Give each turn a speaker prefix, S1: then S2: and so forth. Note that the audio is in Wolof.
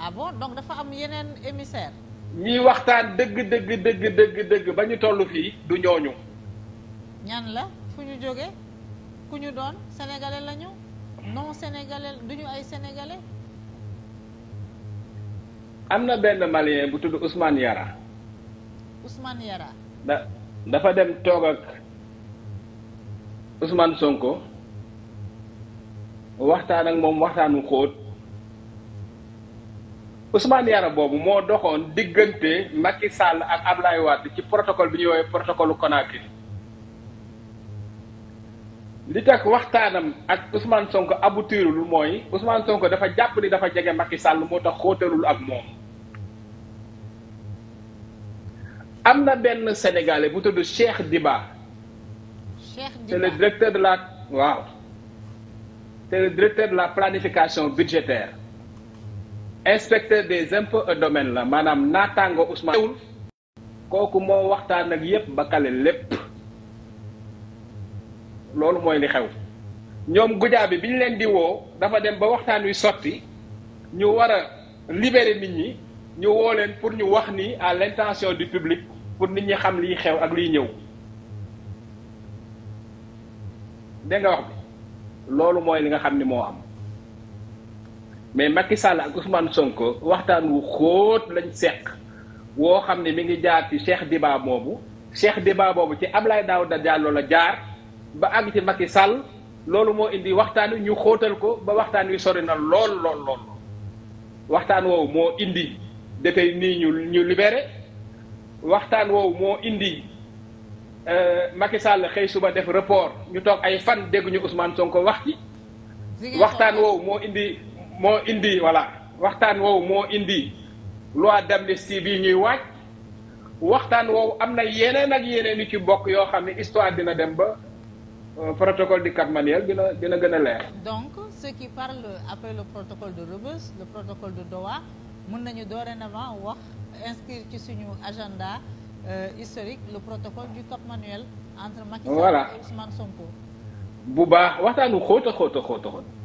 S1: ah bon donc dafa am yeneen émissaire
S2: ñiy waxtaan dëgg dëgg dëgg dëgg dëgg ba ñu toll fii du ñooñu.
S1: ñan la fu ñu jógee ku ñu doon sénégalais la ñu non sénégalais du ñu ay sénégalais.
S2: am na benn malien bu tudd Ousmane Yara.
S1: Ousmane Yara.
S2: da dafa dem toog ak Ousmane Sonko waxtaan ak moom waxtaanu xóot. Ousmane Yara boobu moo doxoon diggante makki sàll ak Ablaye Wade ci protocole bi ñuy woowee protocole Conakry li tax waxtaanam ak Ousmane Sonko aboutirul mooy Ousmane Sonko dafa jàpp ni dafa jege Macky sàll moo tax xóotalul ak moom. am na benn sénégalais bu tudd Cheikh Diba. Cheikh Diba c'est le directeur de la waaw c'est le directeur de la planification budgétaire. inspecteur des impôts et domaines la maanaam naataango Ousmane kooku moo waxtaan ak yépp ba kale lépp loolu mooy li xew ñoom gujaa bi bi ñu leen di woo dafa dem ba waxtaan wi sotti ñu war a libérer nit ñi ñu woo leen pour ñu wax ni à l'intention du public pour nit ñi xam liy xew ak liy ñëw dégg wax bi loolu mooy li nga xam ni moo am mais Macky Sall ak Ousmane Sonko waxtaan wu xoot lañ seq woo xam ne mu ngi jaar ci Cheikh Diba boobu Cheikh Diba boobu ci ab Ablaye da Diallo la jaar ba am ci Macky Sall loolu moo indi waxtaan wi ñu xóotal ko ba waxtaan wi sori na lool lool lool waxtaan woowu moo indi dafay nii ñu ñu libéré waxtaan woowu moo indi euh, Macky Sall xëy suba def rapport ñu toog ay fan dégg ñu Ousmane Sonko wax ci waxtaan woowu moo indi. moo indi voilà waxtaan woow moo indi loi d'amnistie bi ñuy waaj waxtaan woowu am na yeneen ak yeneen yu ci bokk yoo xam ne histoire dina dem ba euh, protocole du Cap Manuel dina dina gën a leer.
S1: donc ceux qui parlent après le protocole de Rebeuss le protocole de Doha mën nañu dorénavant wax inscrire ci suñu agenda euh, historique le protocole du Cap Manuel. entre Macky Sall et Ousmane Sonko.
S2: bu baax waxtaanu xóot a xóot a